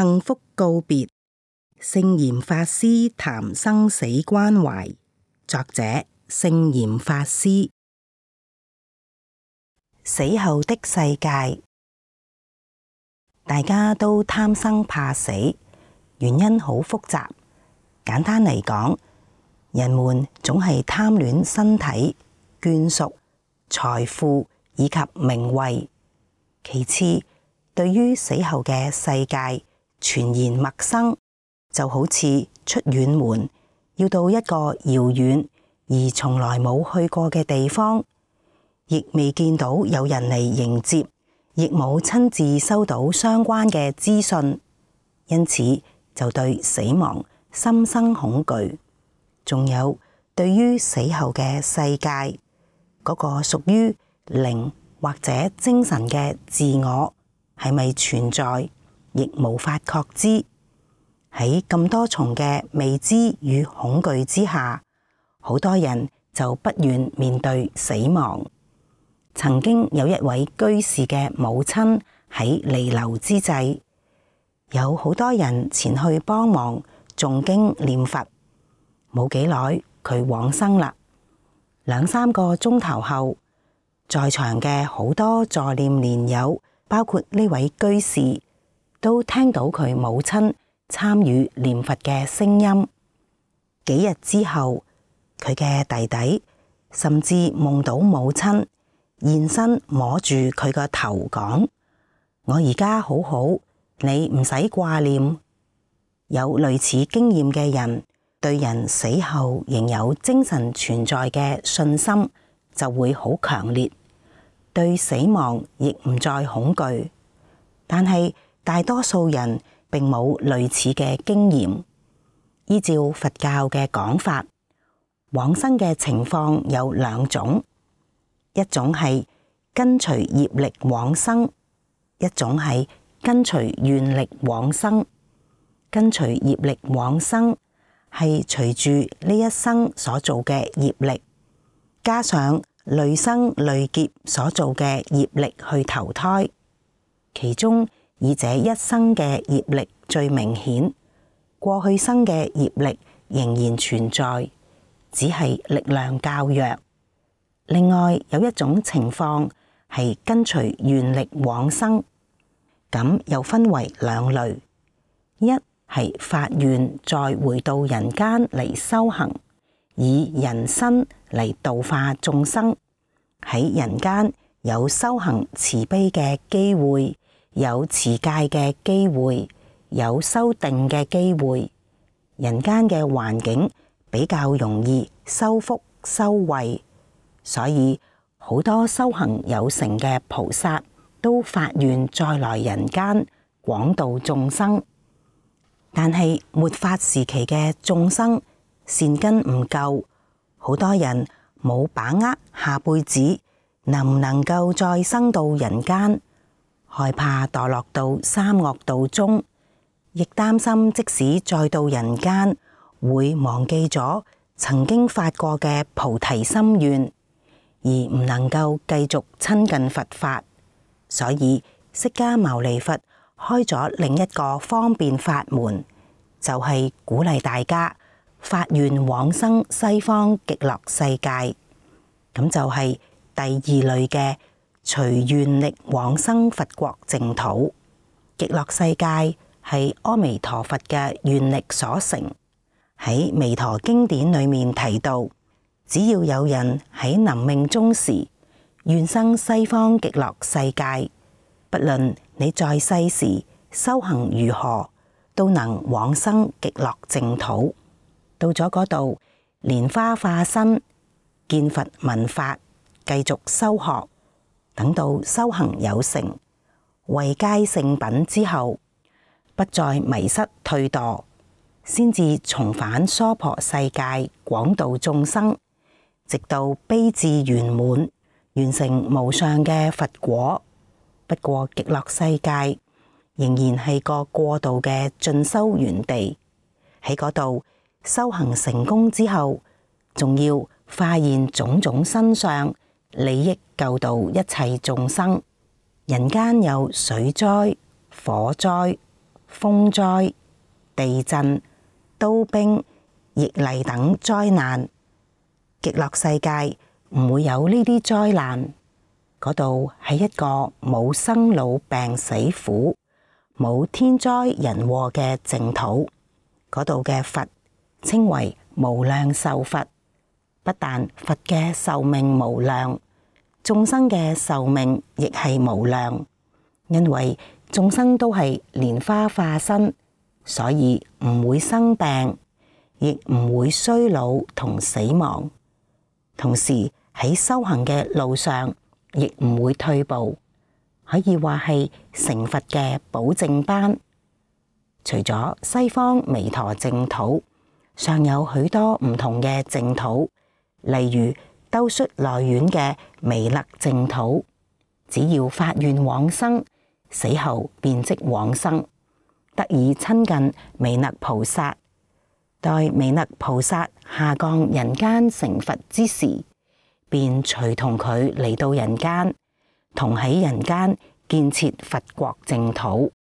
幸福告別，聖嚴法師談生死關懷。作者：聖嚴法師。死後的世界，大家都貪生怕死，原因好複雜。簡單嚟講，人們總係貪戀身體、眷屬、財富以及名位。其次，對於死後嘅世界。全然陌生，就好似出遠門，要到一個遙遠而從來冇去過嘅地方，亦未見到有人嚟迎接，亦冇親自收到相關嘅資訊，因此就對死亡心生恐懼。仲有對於死後嘅世界，嗰個屬於靈或者精神嘅自我係咪存在？亦無法確知。喺咁多重嘅未知與恐懼之下，好多人就不願面對死亡。曾經有一位居士嘅母親喺彌留之際，有好多人前去幫忙誦經念佛。冇幾耐，佢往生啦。兩三個鐘頭後，在場嘅好多助念蓮友，包括呢位居士，都聽到佢母親參與念佛嘅聲音。幾日之後，佢嘅弟弟甚至夢到母親現身摸住佢個頭，講：我而家好好，你唔使掛念。有類似經驗嘅人，對人死後仍有精神存在嘅信心就會好強烈，對死亡亦唔再恐懼。但係，大多數人並冇類似嘅經驗。依照佛教嘅講法，往生嘅情況有兩種，一種係跟隨業力往生，一種係跟隨願力往生。跟隨業力往生係隨住呢一生所做嘅業力，加上累生累劫所做嘅業力去投胎，其中，以這一生嘅業力最明顯，過去生嘅業力仍然存在，只係力量較弱。另外有一種情況係跟隨願力往生，咁又分為兩類，一係發願再回到人間嚟修行，以人身嚟度化眾生，喺人間有修行慈悲嘅機會。有持戒嘅機會，有修定嘅機會，人間嘅環境比較容易修福修慧，所以好多修行有成嘅菩薩都發願再來人間廣度眾生。但係末法時期嘅眾生善根唔夠，好多人冇把握下輩子能唔能夠再生到人間。害怕墮落到三惡道中，亦擔心即使再到人間，會忘記咗曾經發過嘅菩提心願，而唔能夠繼續親近佛法。所以釋迦牟尼佛開咗另一個方便法門，就係鼓勵大家發願往生西方極樂世界。咁就係第二類嘅。隨願力往生佛國淨土，極樂世界係阿彌陀佛嘅願力所成。喺《彌陀經典》裏面提到，只要有人喺臨命終時願生西方極樂世界，不論你在世時修行如何，都能往生極樂淨土。到咗嗰度，蓮花化身見佛聞法，繼續修學。等到修行有成，位階聖品之後，不再迷失退墮，先至重返娑婆世界，廣度眾生，直到悲智圓滿，完成無上嘅佛果。不過極樂世界仍然係個過渡嘅進修園地，喺嗰度修行成功之後，仲要化現種種身相。利益救度一切眾生。人間有水災、火災、風災、地震、刀兵、疫癘等災難。極樂世界唔會有呢啲災難。嗰度係一個冇生老病死苦、冇天災人禍嘅淨土。嗰度嘅佛稱為無量壽佛。不但佛嘅壽命無量，眾生嘅壽命亦係無量，因為眾生都係蓮花化身，所以唔會生病，亦唔會衰老同死亡。同時喺修行嘅路上，亦唔會退步，可以話係成佛嘅保證班。除咗西方彌陀淨土，尚有許多唔同嘅淨土。例如兜率內院嘅彌勒淨土，只要發願往生，死後便即往生，得以親近彌勒菩薩。待彌勒菩薩下降人間成佛之時，便隨同佢嚟到人間，同喺人間建設佛國淨土。